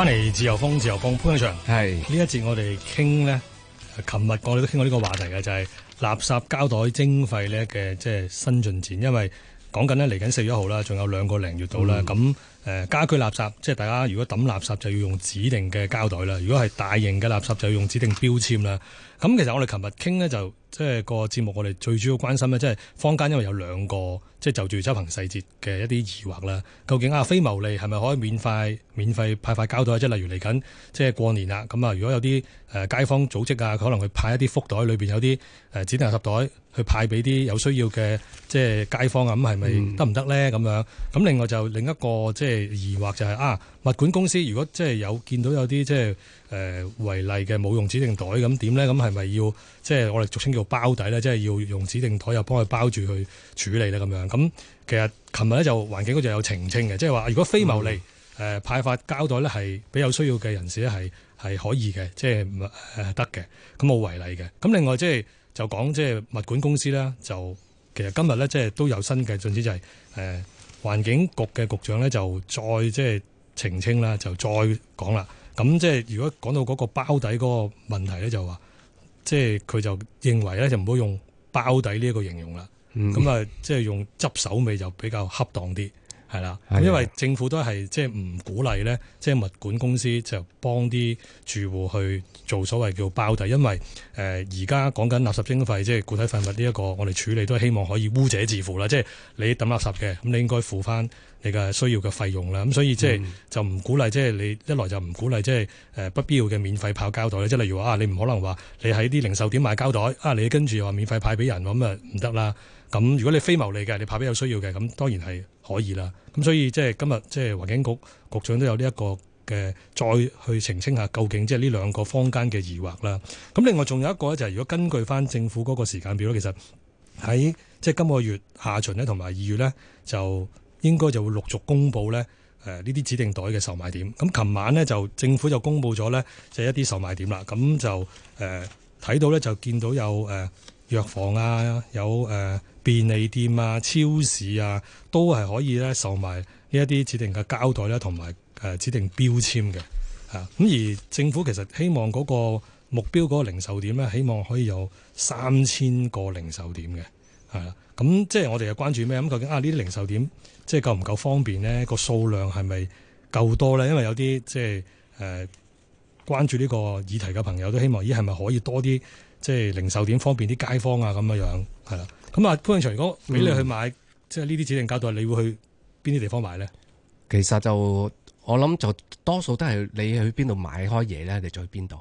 翻嚟自由風，自由風潘長。係呢一節我哋傾咧，琴日我哋都傾過呢個話題嘅，就係、是、垃圾膠袋徵費咧嘅即係新進展。因為講緊咧嚟緊四月一號啦，仲有兩個零月到啦。咁、嗯呃、家居垃圾即係大家如果抌垃圾就要用指定嘅膠袋啦。如果係大型嘅垃圾就要用指定標籤啦。咁其實我哋琴日傾咧就。即、個節目，我哋最主要關心呢即係坊間因為有兩個，即、就住執行細節嘅一啲疑惑啦。究竟啊，非牟利係咪可以免費、免費派發膠袋？即係例如嚟緊，即、過年啦。咁啊，如果有啲街坊組織啊，佢可能去派一啲福袋，裏面有啲誒指定膠袋去派俾啲有需要嘅即係街坊啊，咁係咪得唔得呢？咁樣，咁另外就另一個即係疑惑就係啊。物管公司如果即係有見到有啲即係誒違例嘅冇用指定袋咁點咧？咁係咪要即係我哋俗稱叫包底咧？即係要用指定袋又幫佢包住去處理咧？咁樣咁其實琴日咧就環境局就有澄清嘅，即係話如果非牟利誒、嗯呃、派發膠袋咧係俾有需要嘅人士咧係係可以嘅，即係誒得嘅。咁冇違例嘅。咁另外即係就講即係物管公司咧，就其實今日咧即係都有新嘅進展，就係誒環境局嘅局長咧就再即係。就是澄清啦，就再講啦。咁即係如果講到嗰個包底嗰個問題呢，就話即係佢就認為呢，就唔好用包底呢個形容啦。咁、嗯、啊，即係用執手尾就比較恰當啲。係啦，因為政府都係即係唔鼓勵呢，即係物管公司就幫啲住戶去做所謂叫包底。因為誒而家講緊垃圾徵費，即係固體廢物呢一個我哋處理都希望可以污者自負啦，即係你抌垃圾嘅咁，你應該付翻你嘅需要嘅費用啦。咁所以即係就唔鼓勵，即係你一來就唔鼓勵，即係誒不必要嘅免，免費派膠袋。即係例如話啊，你唔可能話你喺啲零售店買膠袋啊，你跟住又話免費派俾人咁啊唔得啦。咁如果你非牟利嘅，你派俾有需要嘅，咁當然係。可以啦，咁所以即係今日即係環境局局長都有呢一個嘅再去澄清下究竟即係呢兩個坊間嘅疑惑啦。咁另外仲有一個咧，就係如果根據翻政府嗰個時間表咧，其實喺即係今個月下旬咧，同埋二月咧，就應該就會陸續公布咧誒呢啲指定袋嘅售賣點。咁琴晚咧就政府就公布咗咧，就係一啲售賣點啦。咁就誒睇到咧就見到有誒藥房啊，有誒。便利店啊、超市啊，都係可以咧售賣呢一啲指定嘅膠袋咧，同埋誒指定標籤嘅嚇。咁而政府其實希望嗰個目標嗰個零售點咧，希望可以有三千個零售點嘅係啦。咁即係我哋又關注咩？咁究竟啊呢啲零售點即係夠唔夠方便咧？個數量係咪夠多咧？因為有啲即係誒關注呢個議題嘅朋友都希望咦係咪可以多啲即係零售點方便啲街坊啊咁樣樣係啦。咁啊潘恩祥如果俾你去買、嗯、即係呢啲指定膠袋你會去邊啲地方買咧？其實就我諗就多數都係你去邊度買開嘢咧，你就去邊度。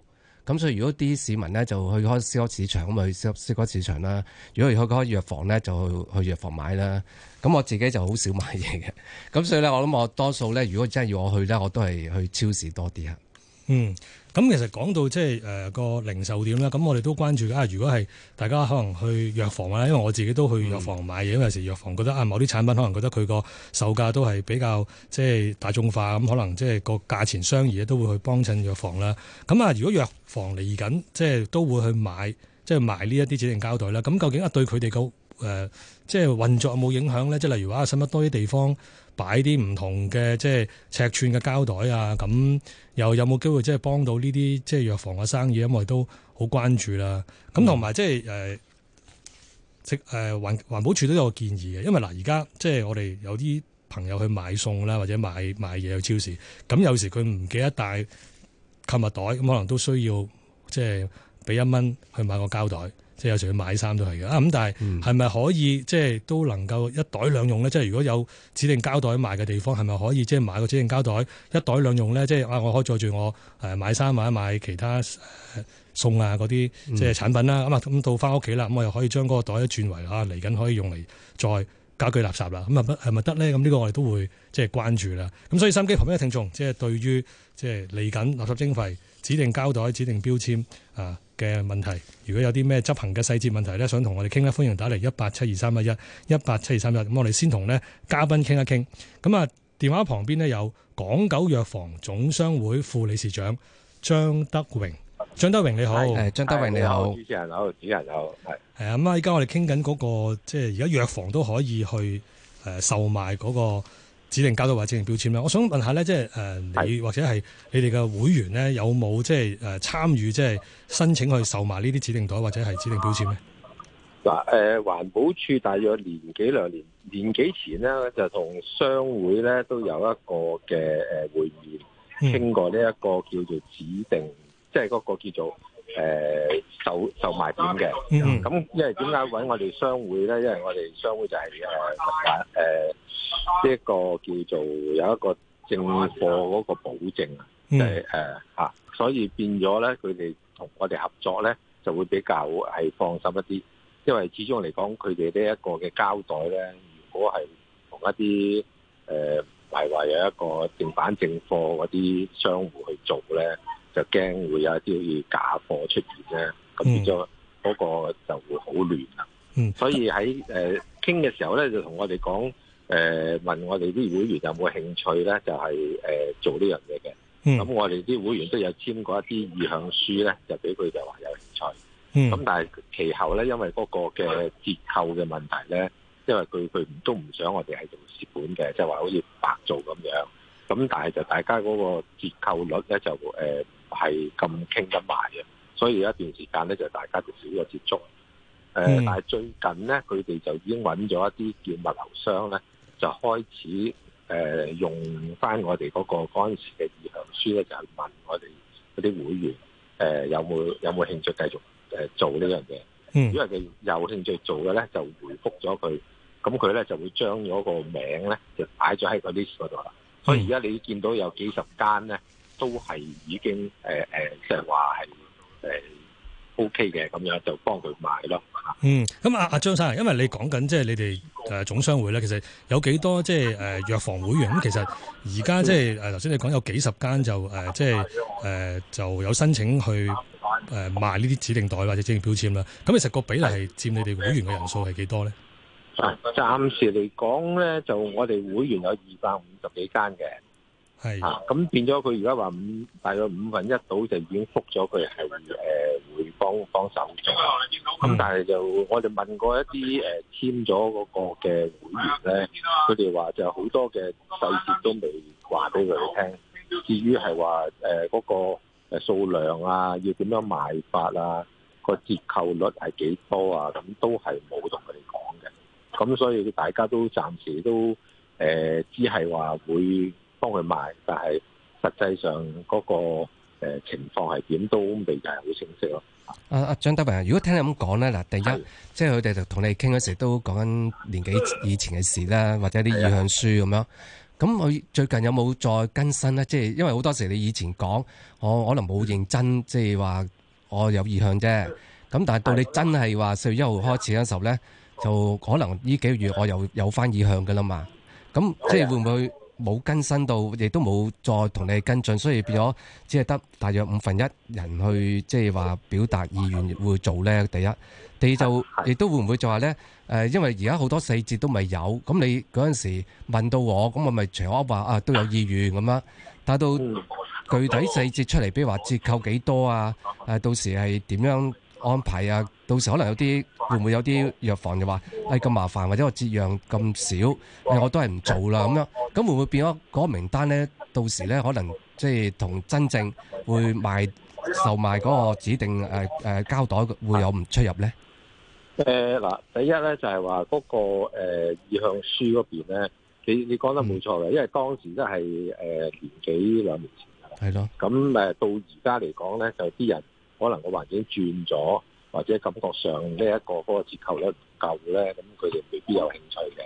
咁所以如果啲市民咧就去開消市場，咁咪去消消市場啦。如果要去開開藥房咧，就去藥房買啦。咁我自己就好少買嘢嘅。咁所以咧，我諗我多數咧，如果真係要我去咧，我都係去超市多啲啊。嗯。咁其實講到即係誒個零售店啦，咁我哋都關注啊，如果係大家可能去藥房咧，因為我自己都去藥房買嘢，咁有時藥房覺得啊，某啲產品可能覺得佢個售價都係比較即係大眾化，咁可能即係個價錢相宜都會去幫襯藥房啦。咁啊，如果藥房嚟緊即係都會去買即係賣呢一啲指定膠袋啦。咁究竟對佢哋個即係運作有冇影響呢？即係例如話，使乜多啲地方？擺啲唔同嘅即係尺寸嘅膠袋啊，咁又有冇機會即係幫到呢啲即係藥房嘅生意？因為都好關注啦。咁同埋即係誒即誒環環保署都有個建議嘅，因為嗱而家即係我哋有啲朋友去買餸啦，或者買買嘢去超市，咁有時佢唔記得帶購物袋，咁可能都需要即係俾一蚊去買個膠袋。即係有時去買衫都係嘅啊，咁但係係咪可以即係都能夠一袋兩用咧？即、嗯、係如果有指定膠袋賣嘅地方，係咪可以即係買個指定膠袋一袋兩用咧？即係啊！我可以載住我誒買衫或一買其他餸啊嗰啲即係產品啦。咁啊咁到翻屋企啦，咁我又可以將嗰個袋轉為嚇嚟緊可以用嚟再家居垃圾啦。咁啊不咪得咧？咁、這、呢個我哋都會即係關注啦。咁所以收音機旁邊嘅聽眾，即係對於即係嚟緊垃圾徵費指定膠袋指定標籤啊嘅問題，如果有啲咩執行嘅細節問題咧，想同我哋傾咧，歡迎打嚟一八七二三一一一八七二三一。咁我哋先同咧嘉賓傾一傾。咁啊，電話旁邊呢，有港九藥房總商會副理事長張德榮。張德榮你好，誒張德榮你好，主持人好，主人好，係係啊。咁啊，依家我哋傾緊嗰個，即係而家藥房都可以去誒售賣嗰個，指定膠袋或者指定標籤咧，我想問下咧，即係誒你或者係你哋嘅會員咧，有冇即係誒、呃、參與即係申請去售賣呢啲指定袋或者係指定標籤咧？嗱、呃、誒，環保署大約年幾兩年年幾前咧，就同商會咧都有一個嘅誒會議，傾、嗯、過呢一個叫做指定，即係嗰個叫做。誒售售賣點嘅，咁、mm -hmm. 因為點解揾我哋商會咧？因為我哋商會就係誒誒呢一個叫做有一個正貨嗰個保證啊，即係誒嚇，所以變咗咧，佢哋同我哋合作咧，就會比較係放心一啲，因為始終嚟講，佢哋呢一個嘅交代咧，如果係同一啲誒唔係話有一個正版正貨嗰啲商戶去做咧。就驚會有一啲好似假貨出現咧，咁變咗嗰個就會好亂啦。所以喺誒傾嘅時候咧，就同我哋講誒問我哋啲會員有冇興趣咧，就係、是、誒、呃、做呢樣嘢嘅。咁、嗯、我哋啲會員都有簽過一啲意向書咧，就俾佢就話有興趣。咁、嗯、但係其後咧，因為嗰個嘅折扣嘅問題咧，因為佢佢都唔想我哋係做蝕本嘅，即係話好似白做咁樣。咁但係就大家嗰個折扣率咧就誒。呃係咁傾得埋嘅，所以有一段時間咧就大家就少咗接觸。呃 mm. 但係最近咧，佢哋就已經揾咗一啲叫物流商咧，就開始、呃、用翻我哋嗰個嗰陣時嘅意向書咧，就係、是、問我哋嗰啲會員、呃、有冇有冇興趣繼續做呢樣嘢？嗯、mm.，因為佢有興趣做嘅咧，就回覆咗佢，咁佢咧就會將咗個名咧就擺咗喺個 list 嗰度啦。Mm. 所以而家你見到有幾十間咧。.都係已經誒誒、呃，即係話係誒 O K 嘅咁樣，就幫佢買咯。嗯，咁阿阿張生，因為你講緊即係你哋總商會咧，其實有幾多即係誒藥房會員咁？其實而家即係誒頭先你講有幾十間就誒，即係誒、呃、就有申請去誒賣呢啲指定袋或者指定標籤啦。咁其實個比例係佔你哋會員嘅人數係幾多咧、啊？暫時嚟講咧，就我哋會員有二百五十幾間嘅。係啊，咁變咗佢而家話五大約五分一到就已經覆咗佢係會幫幫手做，咁但係就我哋問過一啲簽咗嗰個嘅會員咧，佢哋話就好多嘅細節都未話俾佢哋聽，至於係話嗰個數量啊，要點樣賣法啊，個折扣率係幾多啊，咁都係冇同佢哋講嘅，咁所以大家都暫時都誒只係話會。幫佢賣，但係實際上嗰個誒情況係點都未係好清晰咯。啊，阿阿張德榮，如果聽你咁講咧，嗱，第一即係佢哋就同你傾嗰時都講緊年幾以前嘅事啦，或者啲意向書咁樣。咁我最近有冇再更新咧？即係因為好多時你以前講，我可能冇認真，即係話我有意向啫。咁但係到你真係話四月一號開始嘅時候咧，就可能呢幾個月我又有翻意向㗎啦嘛。咁即係會唔會？冇更新到，亦都冇再同你跟進，所以變咗只係得大約五分一人去即係話表達意願會做咧。第一，第二就亦都會唔會就話咧？誒，因為而家好多細節都未有，咁你嗰陣時問到我，咁我咪隨口話啊都有意願咁啦咁樣。但到具體細節出嚟，比如話折扣幾多啊？誒，到時係點樣安排啊！到時可能有啲會唔會有啲藥房就話，誒，咁麻煩，或者我折讓咁少，誒，我都係唔做啦。咁樣，咁會唔會變咗嗰個名單咧？到時咧，可能即係同真正會賣售賣嗰個指定誒誒膠袋會有唔出入咧？誒，嗱，第一咧就係話嗰個誒意向書嗰邊咧，你你講得冇錯嘅，因為當時真係誒年幾兩年前噶啦，係咯。咁誒到而家嚟講咧，就啲人。可能個環境轉咗，或者感覺上呢一個嗰個折扣咧唔夠咧，咁佢哋未必有興趣嘅。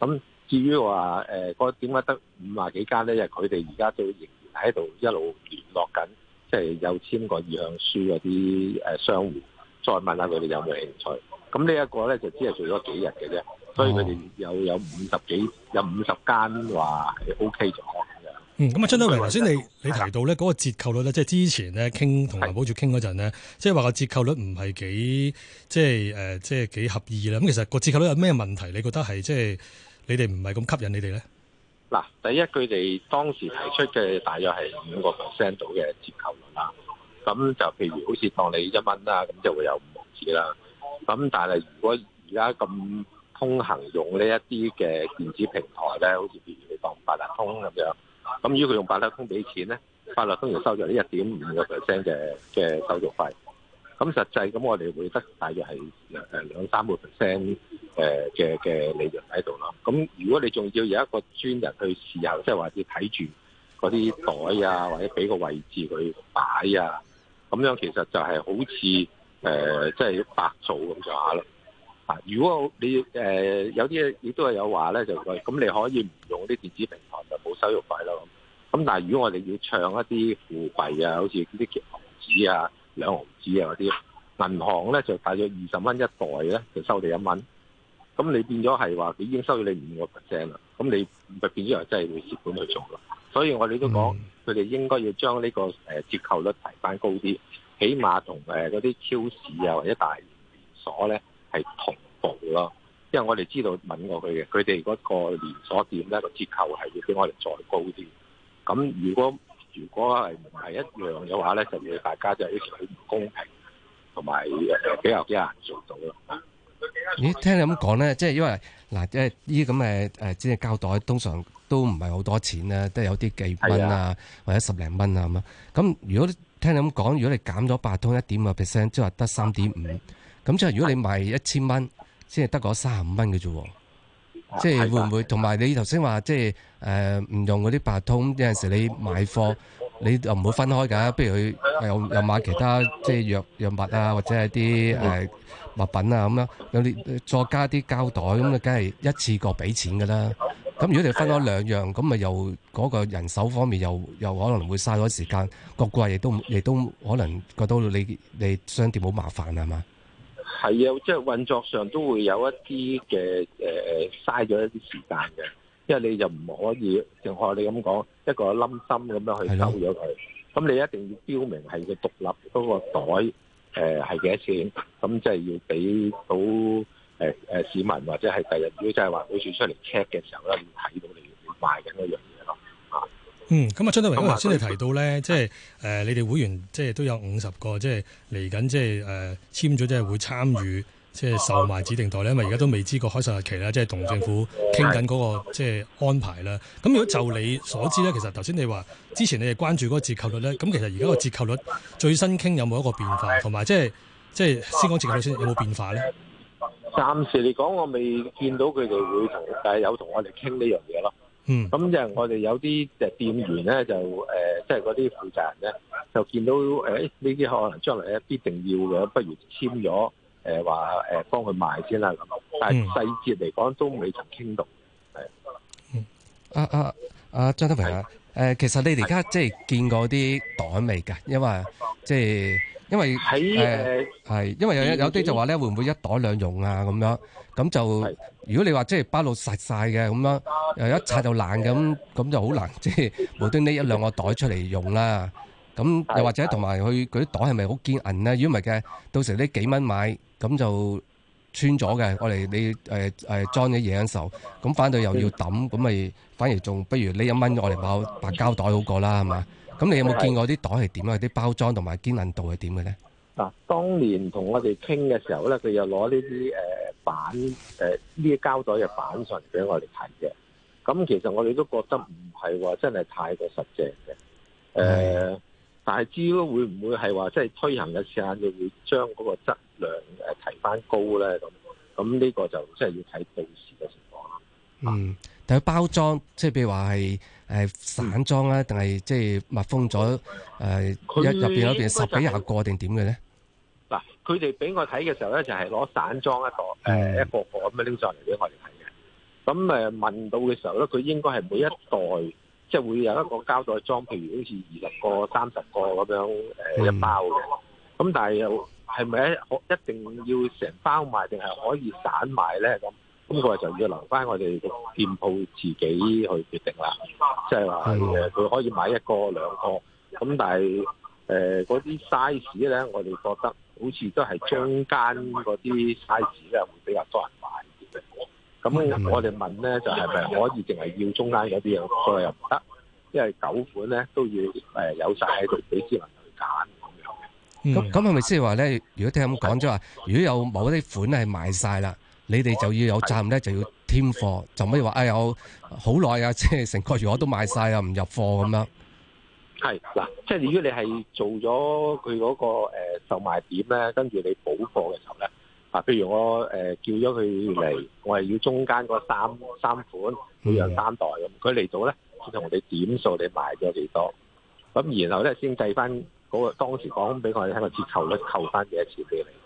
咁至於話誒點解得五啊幾間咧，因為佢哋而家都仍然喺度一路聯絡緊，即係有簽過意向書嗰啲商戶，再問下佢哋有冇興趣。咁呢一個咧就只係做咗幾日嘅啫，所以佢哋有有五十幾有五十間話係 OK 咗。嗯，咁啊，張德榮，頭先你你提到咧嗰個折扣率咧，即係之前咧傾同環保署傾嗰陣咧，即係話個折扣率唔係幾即係、呃、即係幾合意啦。咁其實個折扣率有咩問題？你覺得係即係你哋唔係咁吸引你哋咧？嗱，第一佢哋當時提出嘅大約係五個 percent 度嘅折扣率啦。咁就譬如好似當你一蚊啦，咁就會有五毫紙啦。咁但係如果而家咁通行用呢一啲嘅電子平台咧，好似譬如你當八達通咁樣。咁如果佢用八達通俾錢咧，八達通要收咗呢一點五個 percent 嘅嘅手續費，咁實際咁我哋會得大約係誒兩三個 percent 誒嘅嘅利潤喺度咯。咁如果你仲要有一個專人去試行，即係話要睇住嗰啲袋啊，或者俾個位置佢擺啊，咁樣其實就係好似誒即係白做咁上下咯。啊！如果你誒、呃、有啲嘢，亦都係有話咧，就咁你可以唔用啲電子平台就冇收入費咯。咁咁，但係如果我哋要唱一啲輔幣啊，好似啲幾毫紙啊、兩毫紙啊嗰啲銀行咧，就大約二十蚊一袋咧，就收你一蚊。咁你變咗係話佢已經收咗你五個 percent 啦。咁你咪變咗又真係會蝕本去做咯。所以我哋都講佢哋應該要將呢個誒折扣率提翻高啲，起碼同誒嗰啲超市啊或者大連鎖咧。係同步咯，因為我哋知道問過佢嘅，佢哋嗰個連鎖店咧個折扣係要比我哋再高啲。咁如果如果係唔一樣嘅話咧，就要大家就好似好唔公平，同埋誒比較啲難做到咯。咦？聽你咁講咧，即係因為嗱，即係依啲咁嘅誒即係膠袋，通常都唔係好多錢啦，都係有啲幾蚊啊，或者十零蚊啊咁啊。咁如果聽你咁講，如果你減咗八通一點五 percent，即係話得三點五。咁即係如果你賣一千蚊，先係得嗰三十五蚊嘅啫，即係會唔會同埋你頭先話即係誒唔用嗰啲八通？有陣時你買貨，你又唔會分開㗎。不如佢又又買其他即係藥藥物啊，或者係啲誒物品啊咁樣。有啲再加啲膠袋咁，你梗係一次過俾錢㗎啦。咁如果你分開兩樣，咁咪又嗰個人手方面又又可能會嘥咗時間，個顧客亦都亦都可能覺得你你商店好麻煩係嘛？係啊，即係運作上都會有一啲嘅誒嘥咗一啲時間嘅，因為你就唔可以，正如你咁講一個冧心咁樣去收咗佢，咁你一定要標明係個獨立嗰個袋誒係幾多錢，咁即係要俾到誒誒市民或者係第日如果就係話好似出嚟 check 嘅時候咧，要睇到你賣緊嗰樣。嗯，咁啊，張德榮，咁頭先你提到咧，即、嗯、係、就是嗯呃、你哋會員即係都有五十個，即係嚟緊，即係、就是呃、簽咗，即係會參與，即、就、係、是、售賣指定袋。因為而家都未知個開售日期咧，即係同政府傾緊嗰個即係、就是、安排啦。咁如果就你所知咧，其實頭先你話之前你哋關注嗰個折扣率咧，咁其實而家個折扣率最新傾有冇一個變化，同埋即係即係先講折扣率先，有冇變化咧？暫時嚟講，我未見到佢哋會同，但係有同我哋傾呢樣嘢咯。嗯，咁就我哋有啲嘅店員咧，就誒，即係嗰啲負責人咧，就見到誒呢啲可能將來咧必定要嘅，不如簽咗誒話誒幫佢賣先啦。但係細節嚟講都未曾傾到。係。啊啊啊！張、啊、德榮啊，誒，其實你哋而家即係見過啲袋未噶？因為即係。因為喺誒係，因為有有啲就話咧，會唔會一袋兩用啊咁樣，咁就如果你話即係包到實晒嘅咁樣，又一拆就爛嘅咁，咁就好難，即係無端端拎一兩個袋出嚟用啦。咁又或者同埋佢嗰啲袋係咪好堅韌咧？如果唔係嘅，到時啲幾蚊買咁就穿咗嘅，我哋你誒誒裝啲嘢嘅時候，咁反到又要抌，咁咪反而仲不如你一蚊我嚟買白膠袋好過啦，係嘛？咁你有冇見過啲袋係點啊？啲包裝同埋堅韌度係點嘅咧？嗱，當年同我哋傾嘅時候咧，佢又攞呢啲誒板誒呢啲膠袋嘅板上嚟俾我哋睇嘅。咁其實我哋都覺得唔係話真係太過實淨嘅。誒、呃，但係至於會唔會係話即係推行嘅時間，你會將嗰個質量誒提翻高咧？咁咁呢個就即係要睇到時嘅情況啦。嗯，但係包裝即係譬如話係，係散裝咧，定係即係密封咗？誒入邊入邊有十幾廿個定點嘅咧？嗱，佢哋俾我睇嘅時候咧，就係攞散裝一個誒一個個咁樣拎上嚟俾我哋睇嘅。咁誒問到嘅時候咧，佢應該係每一袋即係會有一個膠袋裝，譬如好似二十個、三十個咁樣誒一包嘅。咁但係又係咪一一定要成包賣，定係可以散賣咧？咁？呢個就要留翻我哋個店鋪自己去決定啦，即係話誒，佢可以買一個、兩個，咁但係誒嗰啲 size 咧，我哋覺得好似都係中間嗰啲 size 咧會比較多人買。咁我哋問咧、嗯，就係、是、咪可以淨係要中間嗰啲啊？佢又唔得，因為九款咧都要誒有晒喺度俾市民去揀咁樣。咁咁係咪即係話咧？如果聽咁講，即係話如果有某啲款係賣晒啦？你哋就要有責任咧，就要添貨，就唔可以話，哎呀，好耐啊，即係成個月我都賣晒啊，唔入貨咁樣。係嗱，即係如果你係做咗佢嗰個售賣點咧，跟住你補貨嘅時候咧，啊，譬如我誒叫咗佢嚟，我係要中間嗰三三款每樣三袋咁，佢嚟到咧先同我哋點數，你賣咗幾多？咁然後咧先計翻嗰個當時講俾我聽個折扣率，扣翻幾多錢俾你。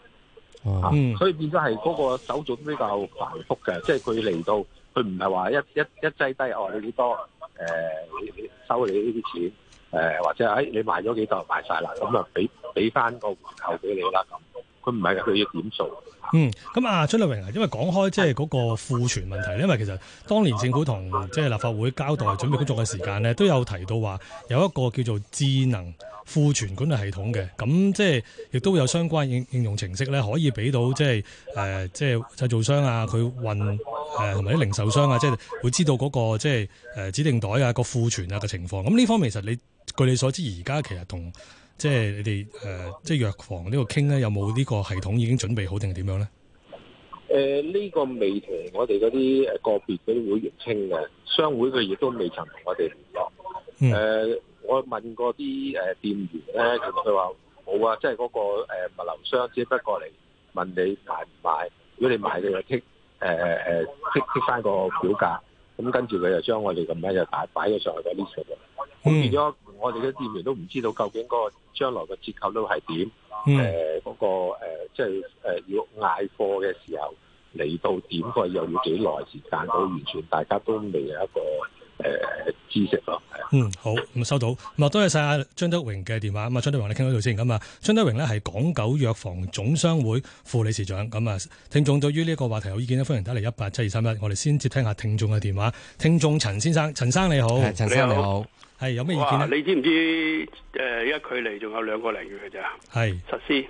啊，所以變咗係嗰個手續比較繁複嘅，即係佢嚟到，佢唔係話一一一劑低哦，你幾多誒、呃、收你呢啲錢誒、呃，或者誒、哎、你賣咗幾多賣晒啦，咁啊畀畀返個回扣畀你啦咁。佢唔係噶，佢要點做。嗯，咁啊，張德榮啊，因為講開即係嗰個庫存問題咧，因為其實當年政府同即係立法會交代準備工作嘅時間咧，都有提到話有一個叫做智能庫存管理系統嘅，咁即係亦都有相關應用程式咧，可以俾到即係誒即係製造商啊，佢運誒同埋啲零售商啊，即係會知道嗰個即係指定袋啊、個庫存啊嘅情況。咁呢方面其實你據你所知，而家其實同。即係你哋誒、呃，即係藥房呢個傾咧，有冇呢個系統已經準備好定係點樣咧？誒、呃，呢、這個未同我哋嗰啲誒個別嗰啲會員傾嘅，商會佢亦都未曾同我哋聯絡。誒、嗯呃，我問過啲誒店員咧，佢話冇啊，即係嗰個誒物流商只不過嚟問你買唔買，如果你買你就傾誒誒誒，翻、啊啊啊、個表價，咁跟住佢就將我哋咁樣就擺擺咗上去個 list 度咁變咗。嗯我哋嘅店員都唔知道究竟嗰個將來嘅折扣率係點？誒、嗯，嗰、呃，那個誒，即係誒，要嗌貨嘅時候嚟到點，佢又要幾耐時間到？間到完全大家都未有一個誒、呃、知識咯。嗯，好，咁收到。咁、嗯、啊，多謝晒張德榮嘅電話。咁啊，張德榮，你傾到呢度先聊聊。咁啊，張德榮呢係港九藥房總商會副理事長。咁啊，聽眾對於呢個話題有意見咧，歡迎打嚟一八七二三一。我哋先接聽下聽眾嘅電話。聽眾陳先生，陳生，你好，陳先生你好，你好。係有咩意見咧？你知唔知？誒、呃，而家距離仲有兩個零月嘅啫。係實施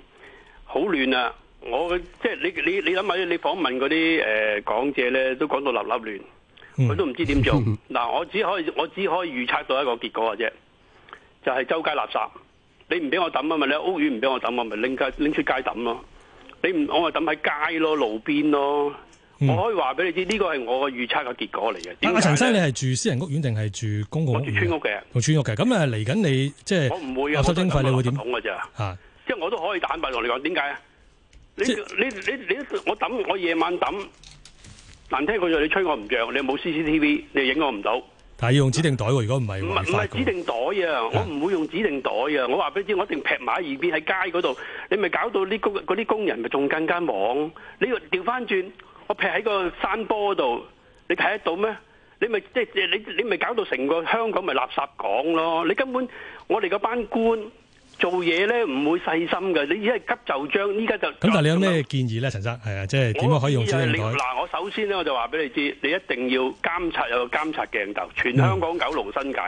好亂啊！我即係你你你諗下，你訪問嗰啲誒講者咧，都講到立立亂，佢、嗯、都唔知點做。嗱， 我只可以我只可以預測到一個結果嘅啫，就係、是、周街垃圾。你唔俾我抌啊嘛？你喺屋苑唔俾我抌啊嘛？咪拎街拎出街抌咯。你唔我咪抌喺街咯，路邊咯。我可以話俾你知，呢個係我嘅預測嘅結果嚟嘅。阿、啊、陳生，你係住私人屋苑定係住公共？我住村屋嘅，住村屋嘅。咁誒嚟緊，你即係有收徵費，你會點？我唔會啊，我收唔到嘅啫。即係我都可以坦白同你講，點解啊？你你你你，我抌我夜晚抌，難聽句話，你吹我唔著，你冇 CCTV，你影我唔到。但係要用指定袋喎，如果唔係唔唔係指定袋啊？我唔會用指定袋啊！我話俾你知，我一定劈埋喺耳邊喺街嗰度，你咪搞到啲工嗰啲工人咪仲更加忙。你調翻轉。我劈喺個山坡度，你睇得到咩？你咪即係你你咪搞到成個香港咪垃圾港咯！你根本我哋個班官做嘢咧唔會細心嘅，你而家係急就將依家就咁。但你有咩建議咧？陳生係啊，即係點樣可以用先嗱、啊，我首先咧我就話俾你知，你一定要監察有個監察鏡頭，全香港九龍新界、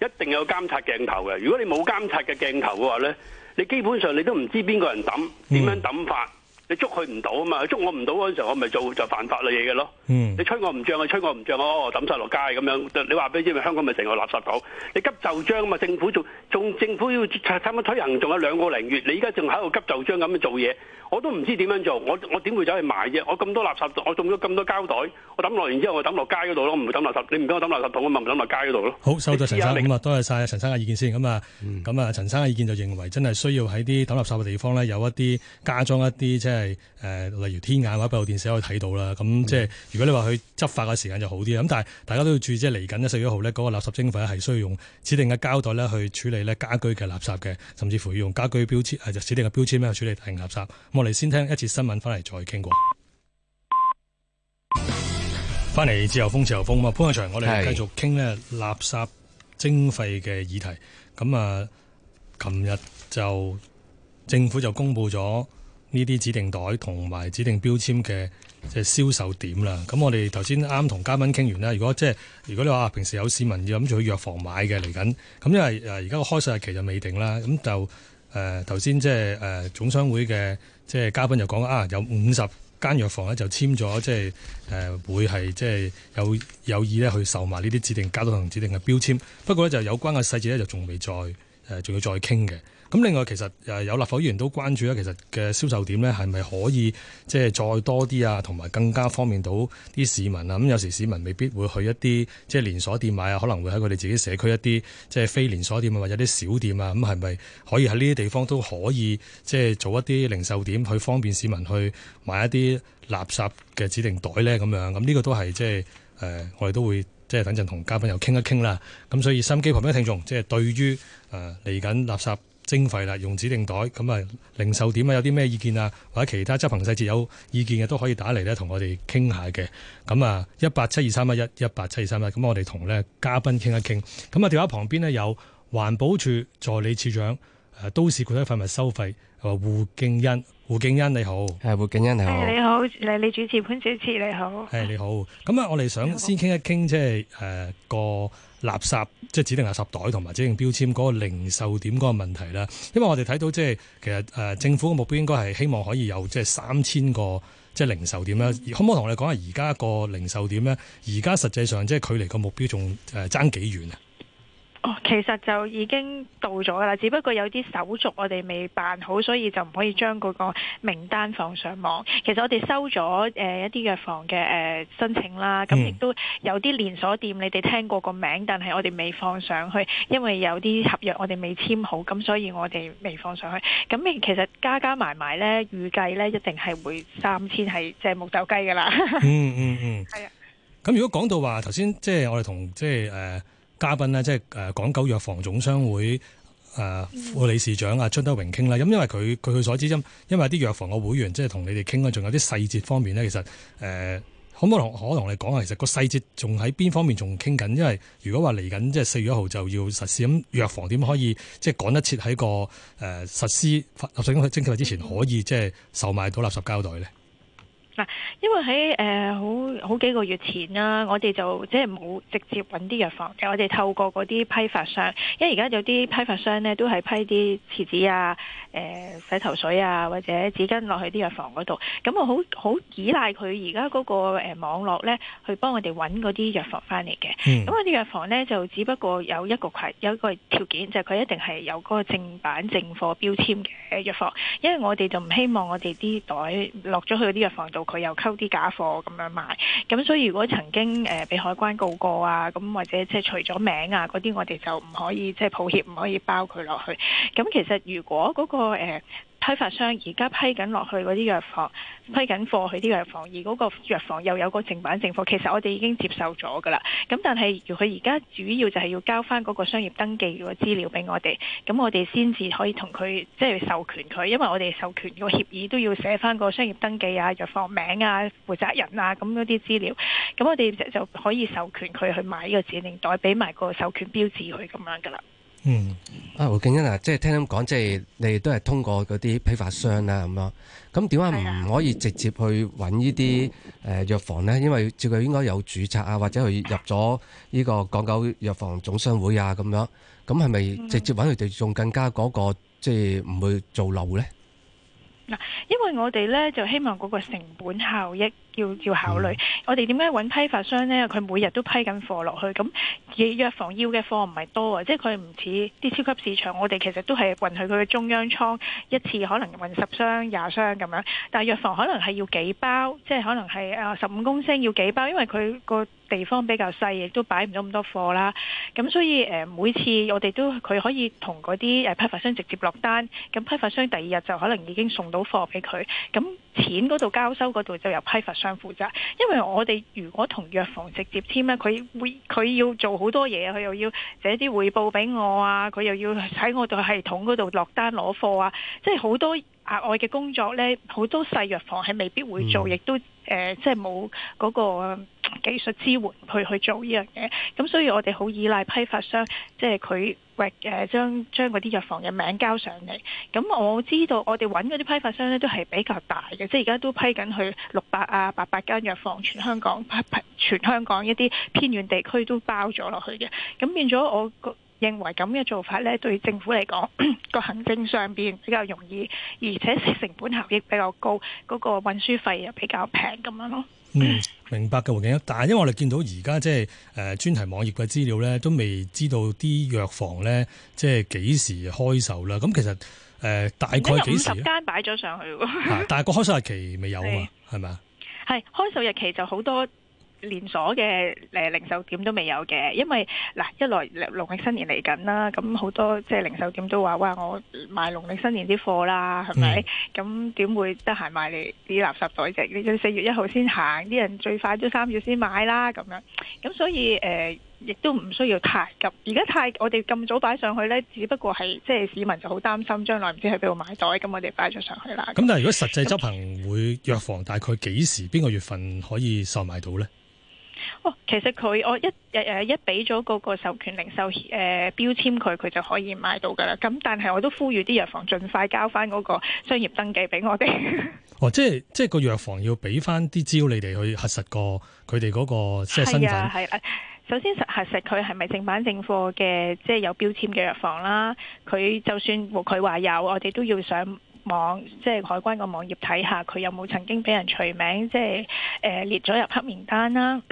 嗯、一定要有監察鏡頭嘅。如果你冇監察嘅鏡頭嘅話咧，你基本上你都唔知邊個人抌點樣抌法。嗯你捉佢唔到啊嘛！你捉我唔到嗰陣時候，我咪做就犯法嘅嘢嘅咯。你吹我唔漲，你吹我唔漲、哦，我抌晒落街咁樣。你話俾你知咪？香港咪成個垃圾島？你急就章啊嘛！政府仲仲政府要差唔多推行，仲有兩個零月。你而家仲喺度急就章咁去做嘢，我都唔知點樣做。我我點會走去買啫？我咁多垃圾我種咗咁多膠袋，我抌落完之後，我抌落街嗰度咯，唔會抌垃圾。你唔俾我抌垃圾，桶，我咪唔抌落街嗰度咯。好，收到陳生咁啊，多謝晒陳生嘅意見先。咁啊，咁、嗯、啊，陳生嘅意見就認為真係需要喺啲抌垃圾嘅地方咧，有一啲加裝一啲即係。就是係誒，例如天眼或者閉路電視也可以睇到啦。咁、嗯、即係，如果你話佢執法嘅時間就好啲啦。咁但係，大家都要注意，即係嚟緊呢四月一號呢，嗰、那個垃圾徵費係需要用指定嘅膠袋呢去處理呢家居嘅垃圾嘅，甚至乎要用家居標籤就、啊、指定嘅標籤呢去處理大型垃圾。咁我哋先聽一次新聞翻嚟再傾過。翻嚟自由風，自由風啊！潘偉強，我哋繼續傾呢垃圾徵費嘅議題。咁啊，琴日就政府就公布咗。呢啲指定袋同埋指定標籤嘅即係銷售點啦。咁我哋頭先啱啱同嘉賓傾完啦。如果即係如果你話平時有市民要諗住去藥房買嘅嚟緊，咁因為誒而家個開售日期就未定啦。咁就誒頭先即係誒總商會嘅即係嘉賓就講啊，有五十間藥房咧就簽咗即係誒、呃、會係即係有有意咧去售賣呢啲指定膠袋同指定嘅標籤。不過咧就有關嘅細節咧就仲未再誒仲、呃、要再傾嘅。咁另外其實有立法議員都關注咧，其實嘅銷售點咧係咪可以即係再多啲啊，同埋更加方便到啲市民啊？咁、嗯、有時市民未必會去一啲即係連鎖店買啊，可能會喺佢哋自己社區一啲即係非連鎖店啊，或者啲小店啊，咁係咪可以喺呢啲地方都可以即係做一啲零售點去方便市民去買一啲垃圾嘅指定袋咧？咁樣咁呢、這個都係即係我哋都會即係等陣同嘉賓又傾一傾啦。咁、嗯、所以心機旁邊嘅聽眾，即係對於嚟緊垃圾。.徵費啦，用指定袋咁啊，零售點啊有啲咩意見啊？或者其他執行細節有意見嘅都可以打嚟咧，同我哋傾下嘅。咁啊，一八七二三一一一八七二三一，咁我哋同呢，嘉賓傾一傾。咁啊，電話旁邊呢，有環保署助理署長，都市固體廢物收費，胡勁欣。胡勁欣你好，係胡勁欣你好，你好，嚟你主持潘主持你好，係、哎、你好。咁、哎、啊，我哋想先傾一傾，即係誒個。垃圾即係指定垃圾袋同埋指定標籤嗰個零售點嗰個問題啦，因為我哋睇到即係其實誒政府嘅目標應該係希望可以有即係三千個即係零售點咧，而可唔可以同我哋講下而家個零售點咧？而家實際上即係距離個目標仲誒爭幾遠啊？哦，其實就已經到咗噶啦，只不過有啲手續我哋未辦好，所以就唔可以將嗰個名單放上網。其實我哋收咗誒一啲藥房嘅誒申請啦，咁亦都有啲連鎖店你哋聽過個名，但係我哋未放上去，因為有啲合約我哋未簽好，咁所以我哋未放上去。咁其實加加埋埋呢，預計呢一定係會三千係即係木豆雞噶啦。嗯嗯嗯，係、嗯、啊。咁 如果講到話頭先，即係我哋同即係誒。呃嘉賓呢，即係誒港九藥房總商會誒副理事長啊，張德榮傾啦。咁因為佢佢去所知，因因為啲藥房嘅會員即係同你哋傾啊。仲有啲細節方面呢，其實誒、呃，可唔可同可同你講啊？其實個細節仲喺邊方面仲傾緊？因為如果話嚟緊即係四月一號就要實施，咁藥房點可以即係、就是、趕得切喺個誒實施發垃圾金去徵之前，可以即係售賣到垃圾膠袋呢？嗱，因為喺誒、呃、好好幾個月前啦，我哋就即係冇直接揾啲藥房，我哋透過嗰啲批發商。因為而家有啲批發商咧，都係批啲廁紙啊、誒、呃、洗頭水啊或者紙巾落去啲藥房嗰度。咁我好好依賴佢而家嗰個網、呃、網絡咧，去幫我哋揾嗰啲藥房返嚟嘅。咁我啲藥房咧就只不過有一個有一個條件，就係、是、佢一定係有嗰個正版正貨標籤嘅藥房，因為我哋就唔希望我哋啲袋落咗去嗰啲藥房度。佢又溝啲假貨咁樣賣，咁所以如果曾經誒、呃、畀海關告過啊，咁或者即係除咗名啊嗰啲，我哋就唔可以即係、就是、抱歉，唔可以包佢落去。咁其實如果嗰、那個、呃批發商而家批緊落去嗰啲藥房，批緊貨去啲藥房，而嗰個藥房又有個正版正貨，其實我哋已經接受咗㗎啦。咁但係，佢而家主要就係要交翻嗰個商業登記個資料俾我哋，咁我哋先至可以同佢即係授權佢，因為我哋授權個協議都要寫翻個商業登記啊、藥房名啊、負責人啊咁嗰啲資料，咁我哋就可以授權佢去買呢個指定袋，俾埋個授權標誌佢咁樣㗎啦。嗯，阿、啊、胡勁欣啊，即係聽咁講，即係你都係通過嗰啲批發商啦、啊，咁樣，咁點解唔可以直接去揾呢啲誒藥房呢？因為照佢應該有註冊啊，或者佢入咗呢個港九藥房總商會啊，咁樣，咁係咪直接揾佢哋仲更加嗰、嗰個即係唔會做漏呢？嗱，因為我哋呢就希望嗰個成本效益。要要考慮，嗯、我哋點解揾批發商呢？佢每日都批緊貨落去，咁藥房要嘅貨唔係多啊，即係佢唔似啲超級市場。我哋其實都係運去佢嘅中央倉，一次可能運十箱、廿箱咁樣。但藥房可能係要幾包，即係可能係誒十五公升要幾包，因為佢個地方比較細，亦都擺唔到咁多貨啦。咁所以誒，每次我哋都佢可以同嗰啲誒批發商直接落單，咁批發商第二日就可能已經送到貨俾佢。咁錢嗰度交收嗰度就由批發商負責，因為我哋如果同藥房直接添咧，佢會佢要做好多嘢啊，佢又要寫啲匯報俾我啊，佢又要喺我度系統嗰度落單攞貨啊，即係好多額外嘅工作呢，好多細藥房係未必會做，亦、嗯、都。誒、呃，即係冇嗰個技術支援去去做呢樣嘢，咁所以我哋好依賴批發商，即係佢誒將將嗰啲藥房嘅名交上嚟。咁我知道我哋揾嗰啲批發商咧都係比較大嘅，即係而家都批緊去六百啊、八百間藥房，全香港全香港一啲偏遠地區都包咗落去嘅。咁變咗我個認為咁嘅做法咧，對政府嚟講個行政上邊比較容易，而且成本效益比較高，嗰、那個運輸費又比較平咁樣咯。嗯，明白嘅胡勁欣，但係因為我哋見到而家即係誒專題網頁嘅資料咧，都未知道啲藥房咧即係幾時開售啦。咁其實誒、呃、大概幾時？有五十間擺咗上去。吓、 啊，但係個開售日期未有啊嘛，係咪啊？係開售日期就好多。連鎖嘅誒零售店都未有嘅，因為嗱一來農曆新年嚟緊啦，咁好多即係零售店都話哇，我賣農曆新年啲貨啦，係咪？咁、嗯、點會得閒賣你啲垃圾袋啫？你四月一號先行，啲人最快都三月先買啦，咁樣。咁所以誒，亦都唔需要太急。而家太我哋咁早擺上去呢，只不過係即係市民就好擔心，將來唔知喺邊度買袋，咁我哋擺咗上去啦。咁但係如果實際執行會藥房、嗯、大概幾時邊個月份可以售賣到呢？哦，其實佢我一誒誒、呃、一俾咗嗰個授權零售誒、呃、標籤佢，佢就可以買到噶啦。咁但係我都呼籲啲藥房盡快交翻嗰個商業登記俾我哋。哦，即係即係個藥房要俾翻啲招你哋去核實他們個佢哋嗰個即係身份。係啊，啊，首先核實佢係咪正版正貨嘅，即、就、係、是、有標籤嘅藥房啦。佢就算佢話有，我哋都要想。網即係、就是、海關個網頁睇下，佢有冇曾經俾人除名，即係誒列咗入黑名單啦、啊。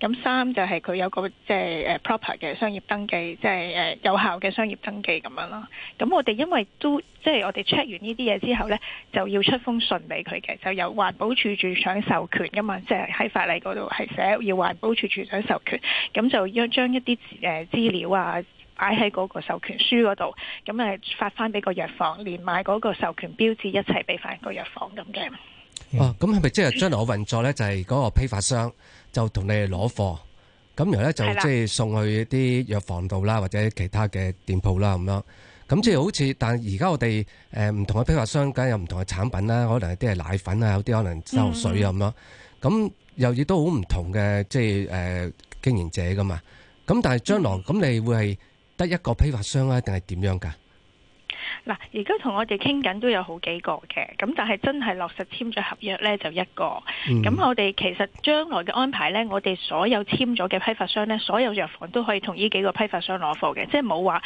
咁 三就係佢有個即係誒 proper 嘅商業登記，即係誒有效嘅商業登記咁樣咯、啊。咁我哋因為都即係、就是、我哋 check 完呢啲嘢之後咧，就要出封信俾佢嘅，就由環保署署長授權㗎嘛，即係喺法例嗰度係寫要環保署署長授權，咁就要將一啲誒資料啊。擺喺嗰個授權書嗰度，咁咪發翻俾個藥房，連埋嗰個授權標誌一齊俾翻個藥房咁嘅。啊，咁係咪即係將來我運作咧，就係嗰個批發商就同你攞貨，咁然後咧就即係送去啲藥房度啦，或者其他嘅店鋪啦咁樣。咁即係好似，但係而家我哋誒唔同嘅批發商梗係有唔同嘅產品啦，可能有啲係奶粉啊，有啲可能洗頭水啊咁樣。咁又亦都好唔同嘅，即係誒經營者噶嘛。咁但係將來咁你會係？得一個批發商啊，定係點樣噶？嗱，而家同我哋傾緊都有好幾個嘅，咁但係真係落實簽咗合約呢，就一個。咁、嗯、我哋其實將來嘅安排呢，我哋所有簽咗嘅批發商呢，所有藥房都可以同呢幾個批發商攞貨嘅，即係冇話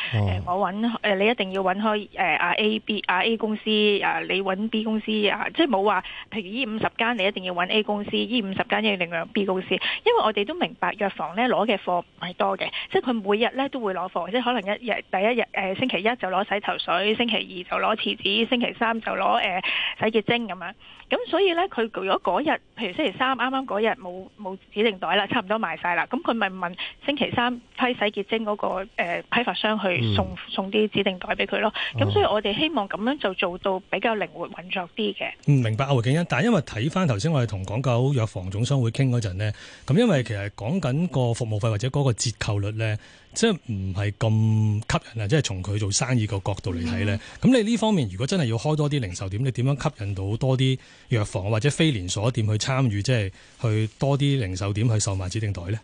我揾、呃、你一定要揾開啊、呃、A B 啊 A 公司啊、呃，你揾 B 公司啊、呃，即係冇話譬如呢五十間你一定要揾 A 公司，呢五十間一定要揾 B 公司，因為我哋都明白藥房呢，攞嘅貨唔係多嘅，即係佢每日呢都會攞貨，即係可能一日第一日、呃、星期一就攞洗頭水。星期二就攞廁紙，星期三就攞誒、呃、洗潔精咁啊！咁所以呢，佢如果嗰日，譬如星期三啱啱嗰日冇冇指定袋啦，差唔多賣晒啦，咁佢咪問星期三批洗潔精嗰、那個誒、呃、批發商去送送啲指定袋俾佢咯？咁、嗯、所以我哋希望咁樣就做到比較靈活運作啲嘅、嗯。明白阿胡勁欣。但係因為睇翻頭先，我哋同港九藥房總商會傾嗰陣呢，咁因為其實講緊個服務費或者嗰個折扣率呢。即係唔係咁吸引啊！即係從佢做生意個角度嚟睇咧，咁、嗯、你呢方面如果真係要開多啲零售店，你點樣吸引到多啲藥房或者非連鎖店去參與，即係去多啲零售店去售賣指定袋咧？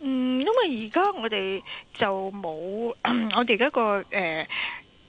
嗯，因為而家我哋就冇我哋而家、那個誒。呃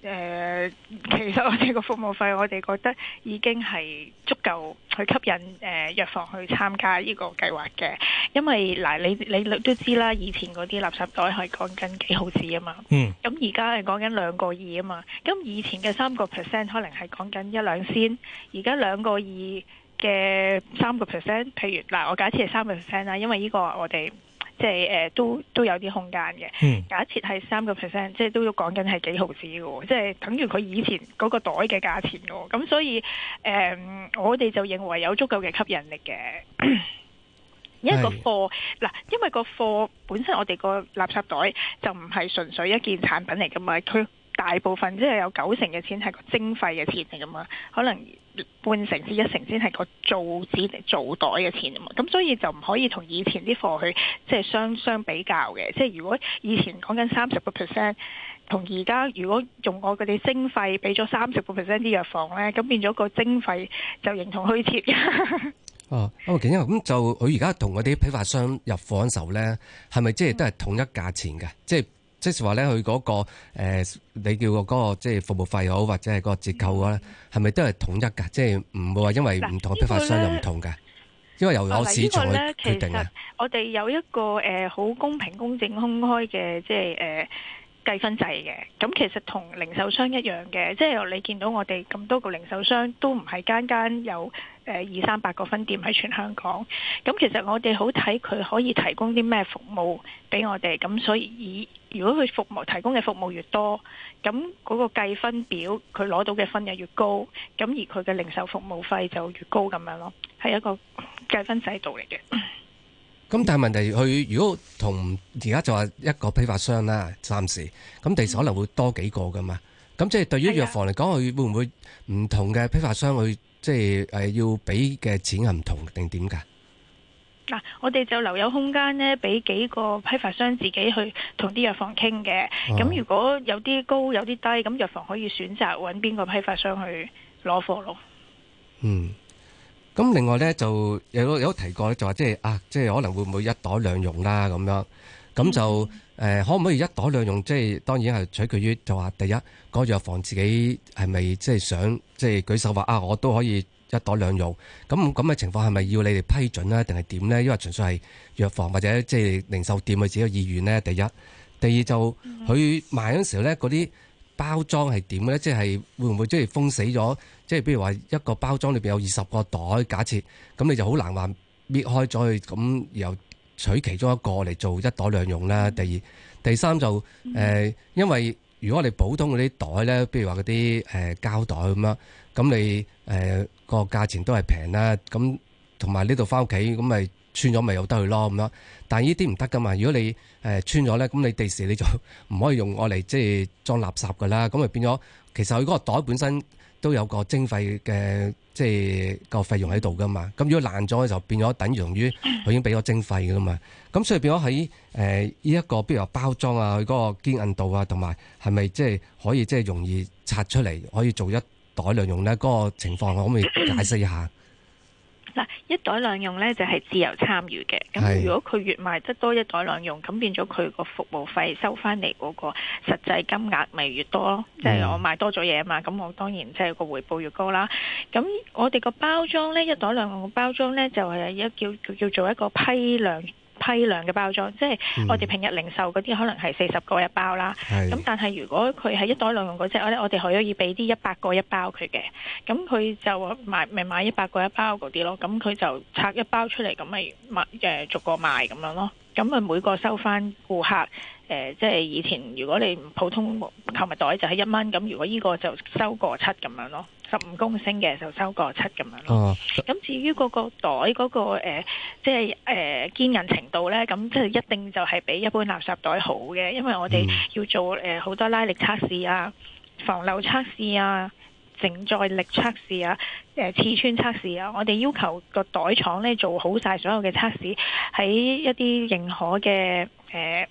誒、呃，其實我哋個服務費，我哋覺得已經係足夠去吸引誒藥、呃、房去參加呢個計劃嘅，因為嗱，你你都知啦，以前嗰啲垃圾袋係講緊幾毫子啊嘛，嗯，咁而家係講緊兩個二啊嘛，咁以前嘅三個 percent 可能係講緊一兩先，而家兩個二嘅三個 percent，譬如嗱，我假設係三個 percent 啦，因為呢個我哋。即係誒、呃、都都有啲空間嘅、嗯，假設係三個 percent，即係都要講緊係幾毫子嘅喎，即係等於佢以前嗰個袋嘅價錢嘅喎，咁所以誒、呃，我哋就認為有足夠嘅吸引力嘅 ，因為個貨嗱，因為個貨，因為個貨本身我哋個垃圾袋就唔係純粹一件產品嚟噶嘛，佢大部分即係有九成嘅錢係個徵費嘅錢嚟噶嘛，可能。半成至一成先係個造紙造袋嘅錢啊嘛，咁所以就唔可以同以前啲貨去即係相相比較嘅。即係如果以前講緊三十個 percent，同而家如果用我哋啲徵費俾咗三十個 percent 啲藥房咧，咁變咗個徵費就形同虛設，啊。哦，咁因為咁就佢而家同我哋批發商入貨嗰時候咧，係咪即係都係統一價錢嘅、嗯？即係。即係話咧，佢嗰個誒，你叫個嗰個即係服務費又好，或者係嗰個折扣嘅咧，係咪都係統一㗎？即係唔會話因為唔同批發商就唔同㗎，因為由我市場去決定㗎。我哋有一個誒好公平、公正、公開嘅即係誒計分制嘅。咁其實同零售商一樣嘅，即係你見到我哋咁多個零售商都唔係間間有誒二三百個分店喺全香港。咁其實我哋好睇佢可以提供啲咩服務俾我哋。咁所以。如果佢服務提供嘅服務越多，咁嗰個計分表佢攞到嘅分又越高，咁而佢嘅零售服務費就越高咁樣咯，係一個計分制度嚟嘅。咁但係問題，佢如果同而家就話一個批發商啦，暫時咁，第時可能會多幾個㗎嘛。咁即係對於藥房嚟講，佢會唔會唔同嘅批發商，佢即係誒要俾嘅錢係唔同定點㗎？嗱、啊，我哋就留有空間呢，俾幾個批發商自己去同啲藥房傾嘅。咁如果有啲高有啲低，咁藥房可以選擇揾邊個批發商去攞貨咯。嗯，咁另外呢，就有有提過呢就話即係啊，即係可能會唔會一袋兩用啦咁樣。咁就誒、嗯呃，可唔可以一袋兩用？即、就、係、是、當然係取決於就話第一，嗰、那個、藥房自己係咪即係想即係、就是、舉手話啊，我都可以。一袋兩用咁咁嘅情況係咪要你哋批准呢？定係點呢？因為純粹係藥房或者即係零售店嘅自己嘅意願呢。第一，第二就佢賣嗰陣時呢，嗰啲包裝係點呢？即係會唔會即係封死咗？即係比如話一個包裝裏邊有二十個袋，假設咁你就好難話搣開咗去，咁又取其中一個嚟做一袋兩用啦。第二，第三就誒、呃，因為如果你普通嗰啲袋呢，比如話嗰啲誒膠袋咁樣。咁你誒、呃、個價錢都係平啦，咁同埋呢度返屋企咁咪穿咗咪又得去咯咁樣。但係呢啲唔得噶嘛，如果你誒、呃、穿咗咧，咁你第時你就唔可以用我嚟即係裝垃圾噶啦。咁咪變咗，其實佢嗰個袋本身都有個徵費嘅，即係、嗰個費用喺度噶嘛。咁如果爛咗，就變咗等於同於佢已經俾咗徵費噶嘛。咁所以變咗喺呢一個，比如話包裝啊，佢、嗰、嗰個堅韌度啊，同埋係咪即係可以即係容易拆出嚟，可以做一袋兩用呢嗰個情況，可唔可以解釋一下？嗱，一袋兩用呢就係自由參與嘅。咁如果佢越賣得多一袋兩用，咁變咗佢個服務費收翻嚟嗰個實際金額咪越多咯。即係我買多咗嘢嘛，咁我當然即係個回報越高啦。咁我哋個包裝呢，一袋兩用嘅包裝呢就係一叫叫叫做一個批量。批量嘅包裝，即係我哋平日零售嗰啲可能係四十個一包啦。咁、嗯、但係如果佢係一袋兩用嗰隻，我哋可以畀啲一百個一包佢嘅。咁佢就買咪買一百個一包嗰啲咯。咁佢就拆一包出嚟，咁咪誒逐個賣咁樣咯。咁咪每個收翻顧客。誒，即係以前如果你普通購物袋就係一蚊，咁如果呢個就收個七咁樣咯，十五公升嘅就收個七咁樣咯。咁、啊、至於嗰個袋嗰個即係誒堅韌程度呢，咁即係一定就係比一般垃圾袋好嘅，因為我哋要做好、呃、多拉力測試啊、防漏測試啊、整載力測試啊、誒、呃、刺穿測試啊，我哋要求個袋廠呢做好晒所有嘅測試喺一啲認可嘅。誒，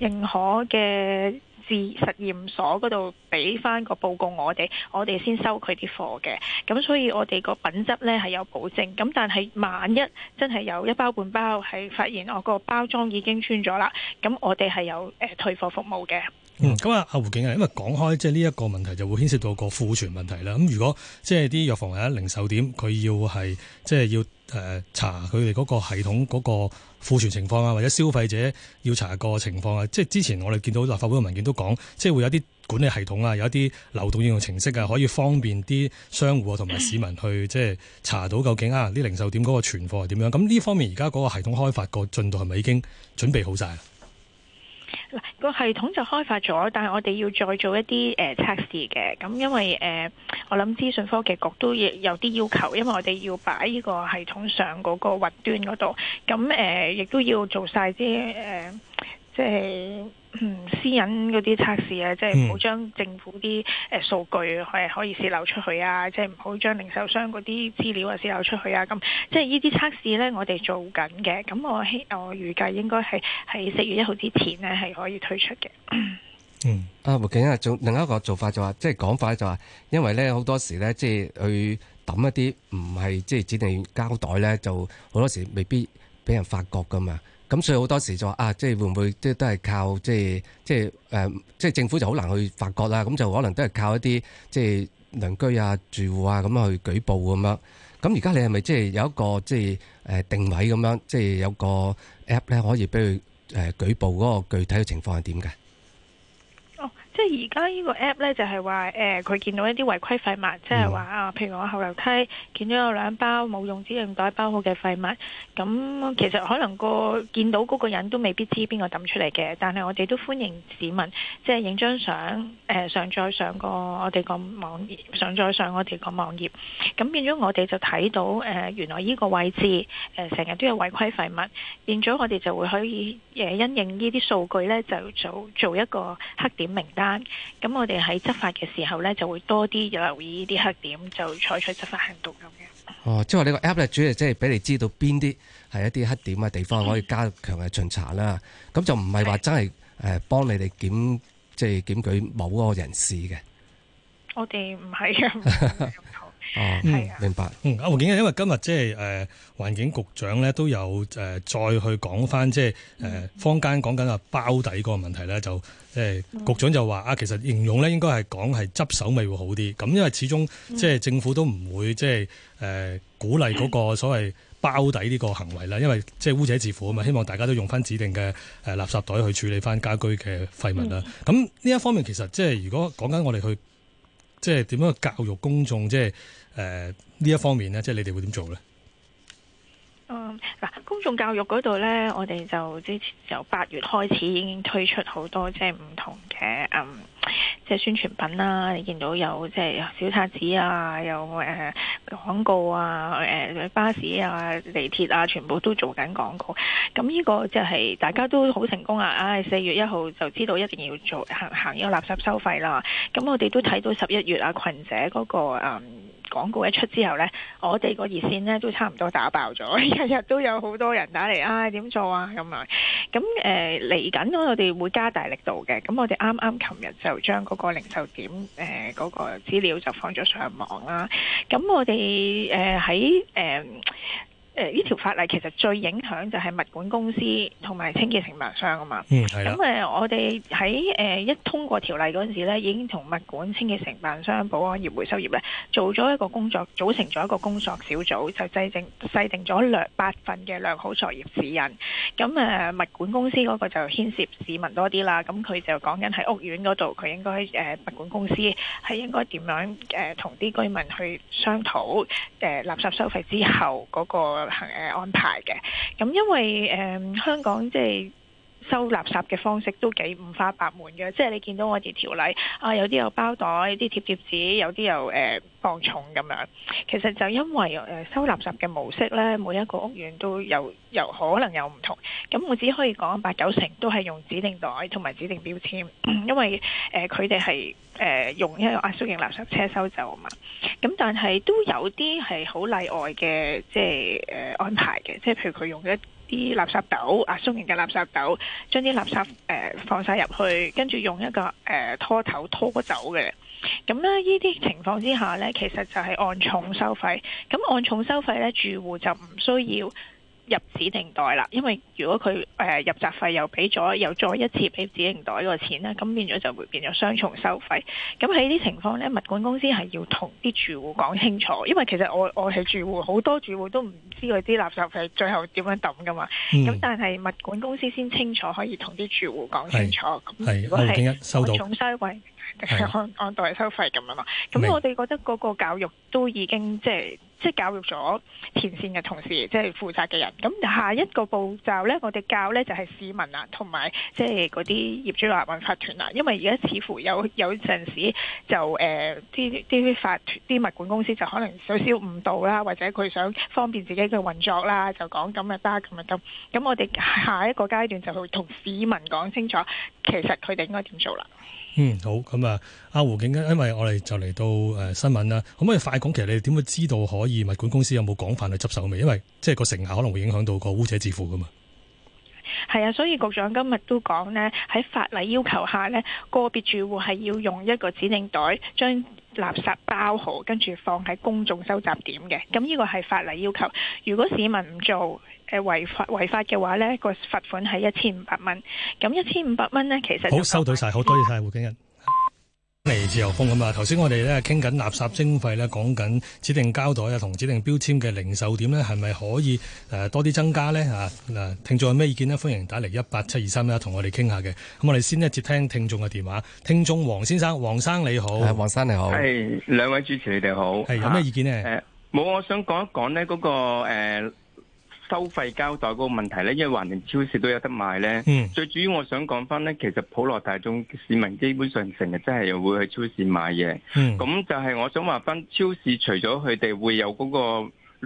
認可嘅自實驗所嗰度俾翻個報告我哋，我哋先收佢啲貨嘅。咁所以我哋個品質呢係有保證。咁但係萬一真係有一包半包係發現我個包裝已經穿咗啦，咁我哋係有誒退貨服務嘅。咁、嗯、啊，阿胡警啊，因為講開即係呢一個問題，就會牽涉到個庫存問題啦。咁如果即係啲藥房或者零售點，佢要係即係要。誒、嗯、查佢哋嗰個系統、嗰個庫存情況啊，或者消費者要查個情況啊，即係之前我哋見到立法會嘅文件都講，即係會有啲管理系統啊，有一啲流動應用程式啊，可以方便啲商戶啊同埋市民去即係查到究竟啊啲零售點嗰個存貨係點樣。咁呢方面而家嗰個系統開發個進度係咪已經準備好晒？嗱，個系統就開發咗，但係我哋要再做一啲誒測試嘅。咁、呃、因為誒、呃，我諗資訊科技局都有啲要求，因為我哋要擺呢個系統上嗰個雲端嗰度，咁誒亦都要做晒啲誒。呃即、就、係、是、私隱嗰啲測試啊，即係唔好將政府啲誒數據係可以泄露出去啊，即係唔好將零售商嗰啲資料啊泄露出去啊。咁即係呢啲測試咧，我哋做緊嘅。咁我希我預計應該係喺四月一號之前咧，係可以推出嘅。嗯，啊，胡勁欣啊，仲有另一個做法就話，即係講法就話，因為咧好多時咧，即係去抌一啲唔係即係指定膠袋咧，就好多時未必俾人發覺噶嘛。咁所以好多時就話啊，即係會唔會即係都係靠即係即係誒，即係政府就好難去發覺啦。咁就可能都係靠一啲即係鄰居啊、住戶啊咁去舉報咁樣。咁而家你係咪即係有一個即係誒定位咁樣，即係有個 app 咧可以俾佢誒舉報嗰個具體嘅情況係點嘅？即係而家呢個 app 咧，就係話誒佢見到一啲違規廢物，即係話啊，譬如我後樓梯見到有兩包冇用指定袋包好嘅廢物，咁其實可能個見到嗰個人都未必知邊個抌出嚟嘅，但係我哋都歡迎市民即係影張相，誒、呃、上載上個我哋個網頁，上載上我哋個網頁，咁變咗我哋就睇到誒、呃、原來呢個位置成日、呃、都有違規廢物，變咗我哋就會可以誒因應呢啲數據咧，就做做一個黑點名單。咁我哋喺執法嘅時候咧，就會多啲留意呢啲黑點，就採取執法行動咁樣。哦，即係話呢個 app 主要即係俾你知道邊啲係一啲黑點嘅地方可以加強嘅巡查啦。咁就唔係話真係誒幫你哋檢即係檢舉某個人士嘅。我哋唔係啊。 哦、uh, 嗯，明白。嗯，啊，阿胡因為今日即係誒，環、呃、境局長咧都有誒、呃、再去講翻即係誒，坊間講緊啊包底嗰個問題咧，就即誒、呃嗯、局長就話啊，其實形容咧應該係講係執手尾會好啲。咁因為始終即係政府都唔會即係誒鼓勵嗰個所謂包底呢個行為啦，因為即係污者自付啊嘛。希望大家都用翻指定嘅誒垃圾袋去處理翻家居嘅廢物、嗯、啦。咁呢一方面其實即係如果講緊我哋去。即係點樣教育公眾？即係誒呢一方面呢，即係你哋會點做呢？嗯，嗱，公眾教育嗰度呢，我哋就之前由八月開始已經推出好多即係唔同嘅嗯。即、就、係、是、宣傳品啦、啊，你見到有即係小冊子啊，有誒廣、呃、告啊、呃，巴士啊、地鐵啊，全部都做緊廣告。咁呢個即係大家都好成功啊！唉，四月一號就知道一定要做行行呢個垃圾收費啦。咁我哋都睇到十一月啊，群姐嗰、那個、嗯廣告一出之後呢，我哋個熱線呢都差唔多打爆咗，日日都有好多人打嚟，唉、哎、點做啊咁啊！咁誒嚟緊，呃、我哋會加大力度嘅。咁我哋啱啱琴日就將嗰個零售點誒、嗰、呃嗰個資料就放咗上網啦。咁我哋誒喺誒。呃誒呢條法例其實最影響就係物管公司同埋清潔承辦商啊嘛。嗯，係啦。咁誒，我哋喺誒一通過條例嗰陣時呢，已經同物管、清潔承辦商、保安業、回收業呢做咗一個工作，組成咗一個工作小組，就制定、制定咗兩百份嘅良好作業指引。咁誒，物管公司嗰個就牽涉市民多啲啦。咁佢就講緊喺屋苑嗰度，佢應該誒物管公司係應該點樣誒同啲居民去商討誒垃圾收費之後嗰個行嘅安排嘅，咁因為誒、嗯、香港即係。收垃圾嘅方式都幾五花八門嘅，即係你見到我哋條例啊，有啲有包袋，有啲貼貼紙，有啲又誒磅重咁樣。其實就因為誒收垃圾嘅模式呢，每一個屋苑都有有可能有唔同。咁我只可以講八九成都係用指定袋同埋指定標籤，因為誒佢哋係誒用一個壓縮型垃圾車收走啊嘛。咁但係都有啲係好例外嘅，即係誒、呃、安排嘅，即係譬如佢用咗。啲垃圾斗啊，鬆型嘅垃圾斗，將啲垃圾誒、呃、放晒入去，跟住用一個誒、呃、拖頭拖走嘅。咁咧呢啲情況之下咧，其實就係按重收費。咁按重收費咧，住戶就唔需要。入指定袋啦，因為如果佢誒、呃、入閘費又俾咗，又再一次俾指定袋個錢咧，咁變咗就會變咗雙重收費。咁喺呢啲情況咧，物管公司係要同啲住戶講清楚，因為其實我我係住戶，好多住戶都唔知嗰啲垃圾費最後點樣抌噶嘛。咁、嗯、但係物管公司先清楚可以同啲住戶講清楚，咁如果係按重收費定係按按袋收費咁樣嘛。咁我哋覺得嗰個教育都已經即係。即係教育咗前線嘅同事，即係負責嘅人。咁下一個步驟咧，我哋教咧就係市民啊，同埋即係嗰啲業主立案法團啊。因為而家似乎有有陣時就誒啲啲啲法團、啲物管公司就可能少少誤導啦，或者佢想方便自己嘅運作啦，就講咁就得，咁就得。咁咁我哋下一個階段就去同市民講清楚，其實佢哋應該點做啦。嗯，好，咁啊，阿胡勁欣，因為我哋就嚟到誒新聞啦，可唔可以快講？其實你哋點會知道可以物管公司有冇廣泛去執手未？因為即係個成效可能會影響到個污者自付噶嘛。係啊，所以局長今日都講呢，喺法例要求下呢，個別住戶係要用一個指定袋將將垃圾包好，跟住放喺公眾收集點嘅。咁呢個係法例要求。如果市民唔做，誒違法違法嘅話呢，個罰款係一千五百蚊。咁一千五百蚊呢，其實好收到晒，好多謝晒胡勁欣。嚟自由風咁啊，頭先我哋咧傾緊垃圾徵費咧，講緊指定膠袋啊同指定標籤嘅零售點咧，係咪可以誒多啲增加咧吓？嗱，聽眾有咩意見呢？歡迎打嚟一八七二三一，同我哋傾下嘅。咁我哋先接聽聽眾嘅電話。聽眾黃先生，黃生你好，係黃生你好，係、哎、兩位主持你哋好，係、哎、有咩意見呢？誒、啊，冇、哎，我想講一講呢嗰個誒。呃收費膠袋嗰個問題呢，因為環連超市都有得賣呢、mm. 最主要我想講翻呢，其實普羅大眾市民基本上成日真係會去超市買嘢。咁、mm. 就係我想話翻，超市除咗佢哋會有嗰個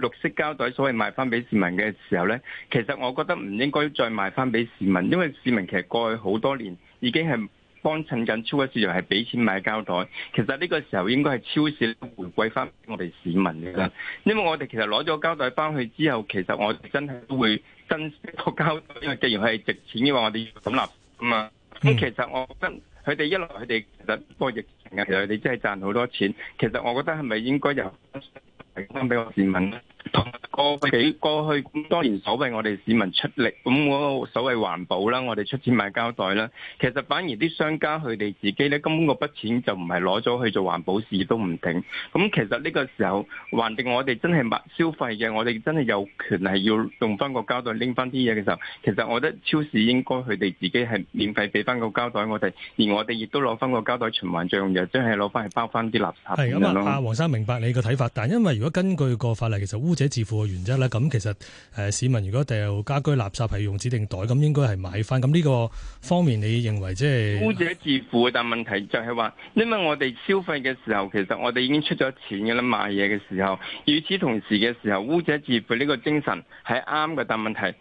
綠色膠袋，所謂賣翻俾市民嘅時候呢，其實我覺得唔應該再賣翻俾市民，因為市民其實過去好多年已經係。幫襯緊超級市場係俾錢買膠袋，其實呢個時候應該係超市回饋翻我哋市民嘅喇。因為我哋其實攞咗膠袋翻去之後，其實我真係都會珍惜個膠袋，因為既然係值錢嘅話，我哋要咁立咁啊。咁、嗯、其實我覺得佢哋一來佢哋其實個疫情嘅時候，你真係賺好多錢。其實我覺得係咪應該由提供俾我市民咧？過幾過去咁當年所謂我哋市民出力咁嗰所謂環保啦，我哋出錢買膠袋啦。其實反而啲商家佢哋自己咧，根本嗰筆錢就唔係攞咗去做環保事業都唔定。咁其實呢個時候，還定我哋真係買消費嘅，我哋真係有權係要用翻個膠袋拎翻啲嘢嘅時候，其實我覺得超市應該佢哋自己係免費俾翻個膠袋我哋，而我哋亦都攞翻個膠袋循環再用嘅，真係攞翻去包翻啲垃圾係咁啊，阿黃生明白你個睇法，但因為如果根據個法例，其實污污者自付嘅原則咧，咁其實誒市民如果掉家居垃圾係用指定袋，咁應該係買翻。咁呢個方面你認為即係污者自付嘅？但問題就係話，因為我哋消費嘅時候，其實我哋已經出咗錢嘅啦，買嘢嘅時候。與此同時嘅時候，污者自付呢個精神係啱嘅，但問題。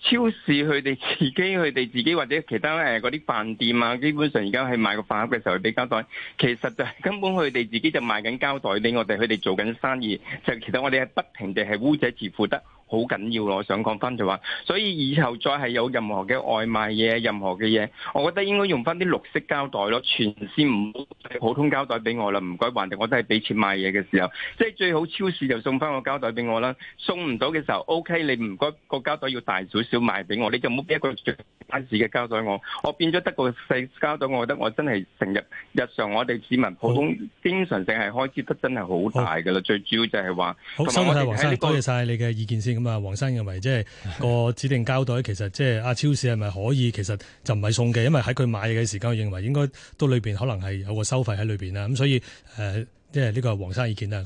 超市佢哋自己，佢哋自己或者其他誒嗰啲飯店啊，基本上而家係買個飯盒嘅時候，俾膠袋其實就係根本佢哋自己就賣緊膠袋，俾我哋佢哋做緊生意。就其實我哋係不停地係污者自付。好緊要咯！我想講翻就話，所以以後再係有任何嘅外賣嘢、任何嘅嘢，我覺得應該用翻啲綠色膠袋咯，全線唔好普通膠袋俾我啦。唔該還定我真係俾錢買嘢嘅時候，即係最好超市就送翻個膠袋俾我啦。送唔到嘅時候，OK，你唔該個膠袋要大少少賣俾我，你就唔好俾一個最單子嘅膠袋我。我變咗得個細膠袋，我覺得我真係成日日常我哋市民普通經常性係開支得真係好大㗎啦。最主要就係話，好收多謝晒你嘅意見先。咁啊，黃生認為即係個指定膠袋，其實即係阿超市係咪可以？其實就唔係送嘅，因為喺佢買嘢嘅時間，認為應該都裏邊可能係有個收費喺裏邊啦。咁所以誒即係呢個係黃生意見啊。